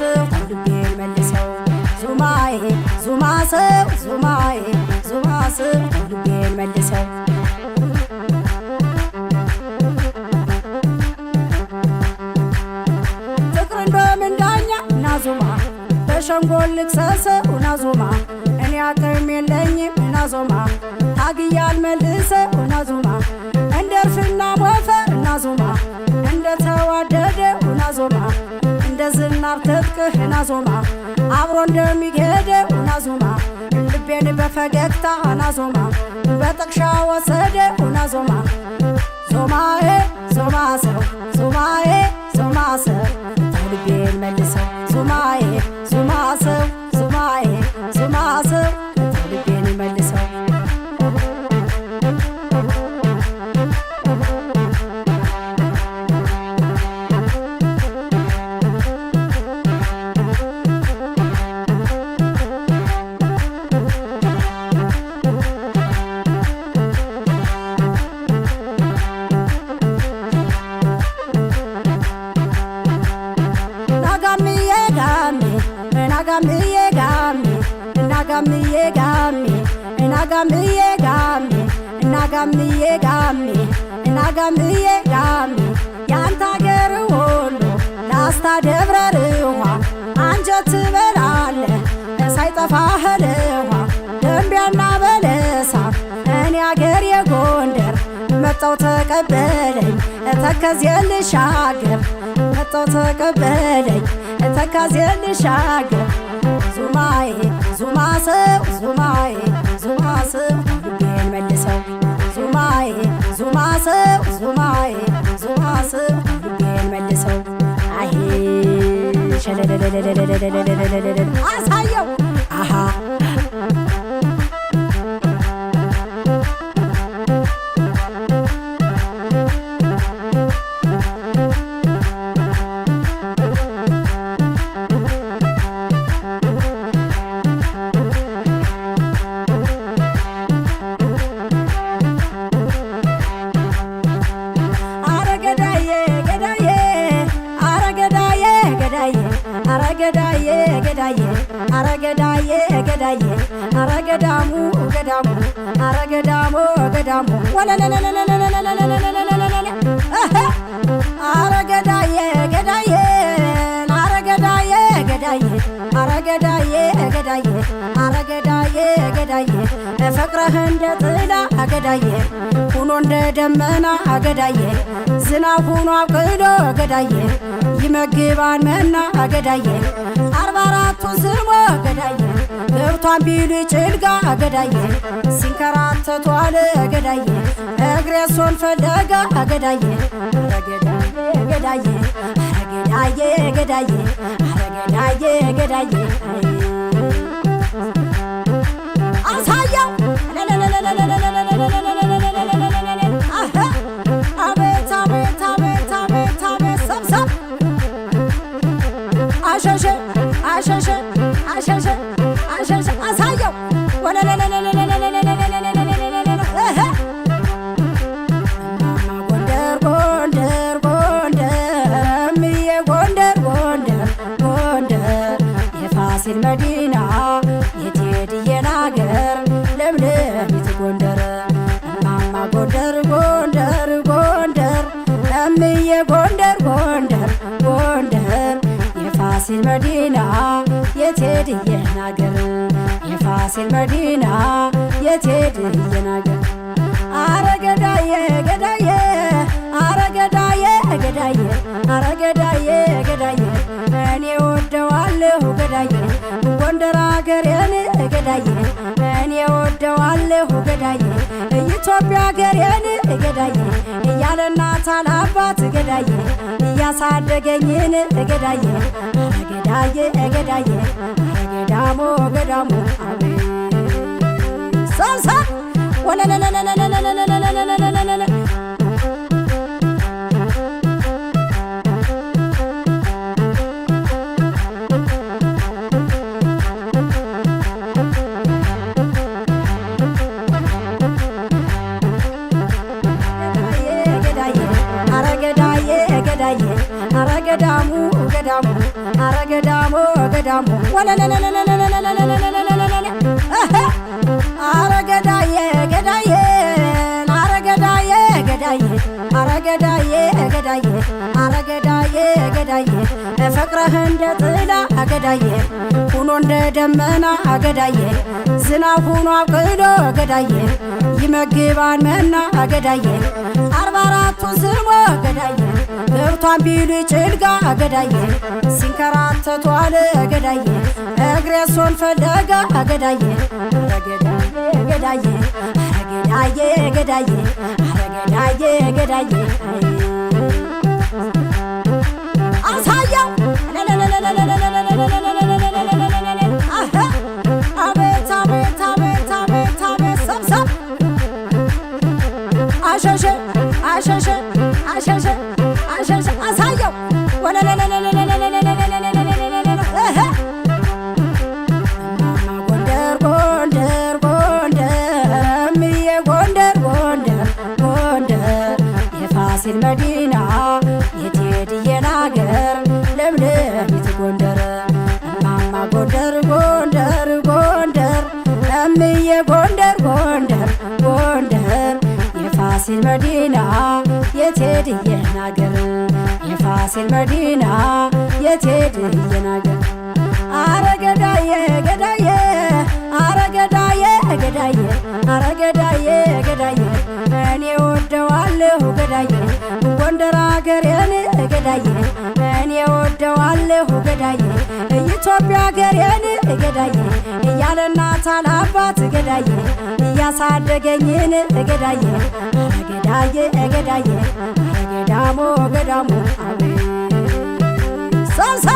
ሰው ልቤ መልሰው ዙማዬ ዙማ ሰው ዙማዬ ዙማ ሰው ልቤ መልሰው ፍቅር እንደምንዳኛ ናዙማ በሸንጎ ልክሰሰው ናዙማ እኔ አቅም የለኝም ናዞማ ታግያል መልሰው ናዙማ እንደርፍና ሞፈር ናዙማ ትጥቅህን አዞማ አብሮ እንደሚሄድ ናዞማ ልቤን በፈገግታ ናዞማ በጥቅሻ ወሰደ ናዞማ ዞማዬ ዞማ ሰው ዞማዬ ዞማ ሰው ልቤን መልሰው ዞማዬ ዞማ ሰው ዞማዬ ዞማ ሰው እናጋምዬ ጋሜ እናጋምዬ ጋሜ እናጋምዬ ጋሜ እናጋምዬ ጋሜ እናጋምዬ ጋሜ ያንተ አገር ወሎ ላስታ ደብረ ርዋ አንጀት ትበላለ ሳይጠፋ ህልዋ ደንቢያና በለሳ እኔ አገር የጎንደር መጣው ተቀበለኝ ተከዜ ልሻገር መጣው ተቀበለኝ ተከዜ ልሻገር ዙማዬ ዙማ ሰው ዙማዬ ዙማ ሰው ልቤን መልሰው ዙማዬ ዙማ ሰው ዙማዬ ዙማ ሰው ልቤን መልሰው አይ ሸለለለለለለለለለለለለ አሳየው አሃ ገዳዬ ገዳዬ አረ ገዳዬ አረገዳሙ ገዳሙ ገዳሙ አረ ገዳሞ ገዳሙ አረ ገዳዬ ገዳዬ ገዳዬ ገዳዬ ገዳዬ ገዳዬ ገዳዬ ገዳዬ እፈቅረህ እንደ ጥላ አገዳዬ ሁኖ እንደ ደመና አገዳዬ ዝናብ ሁኖ አብቅሎ አገዳዬ ይመግባነና አገዳዬ አርባ አራቱ ስሞ አገዳዬ ገብቷን ቢል ጭልጋ አገዳዬ ሲንከራተቷል አገዳዬ እግሬሶን ፈለጋ አገዳዬ ገዳዬ ገዳዬ ገዳዬ ገዳዬ ገዳዬ አሳየው ጎንደር ጎንደር ጎንደር ምዬ ጎንደር ጎንደር ጎንደር የፋሲል መዲና ጎንደር ጎንደር ጎንደር ጎንደር ጎንደር የፋሲል መዲና የቴድዬን አገር የፋሲል መዲና የቴድዬን አገር አረ ገዳዬ ገዳዬ ገዳዬ ገዳዬ ገዳዬ እኔ ወደዋለሁ ገዳዬ ጎንደር አገሬን ገዳዬ አለው ገዳዬ ኢትዮጵያ ሀገሬን ገዳዬ እያለ እናት አባት ገዳዬ እያሳደገኝን ገዳዬ ገዳዬ ገዳዬ ገዳሞ ገዳሞ ሰብሰብ ወለለለለለለለለለለለ ገዳሙ አረ ገዳዬ ገዳዬ አረ ገዳዬ ገዳዬ አረ ገዳዬ ገዳዬ ገዳዬ ገዳዬ እንደ ጥላ ገዳዬ ሁኖ እንደ ደመና አገዳየ ዝናብ ሁኖ አብቅዶ አገዳየ ይመግባን መና አገዳየ አርባ አራቱ ስሞ አገዳየ ገብቷን ቢሉ ጭልጋ አገዳየ ሲንከራተቷል አገዳየ እግሬሶን ፈለገ አገዳየ ገዳየ ገዳየ ገዳየ ገዳየ ገዳየ 小信。ፋሲል መዲና የቴድ እየናገር አረ ገዳዬ ገዳዬ አረ ገዳዬ ገዳዬ አረ ገዳዬ ገዳዬ እኔ ወደዋለሁ ገዳዬ ጎንደር አገሬን ገዳዬ እኔ ወደዋለሁ ገዳዬ ኢትዮጵያ አገሬን ገዳዬ እያለ እናት አባት ገዳዬ እያሳደገኝን ገዳዬ ገዳዬ ገዳዬ ገዳሞ ገዳሞ ሻምሳ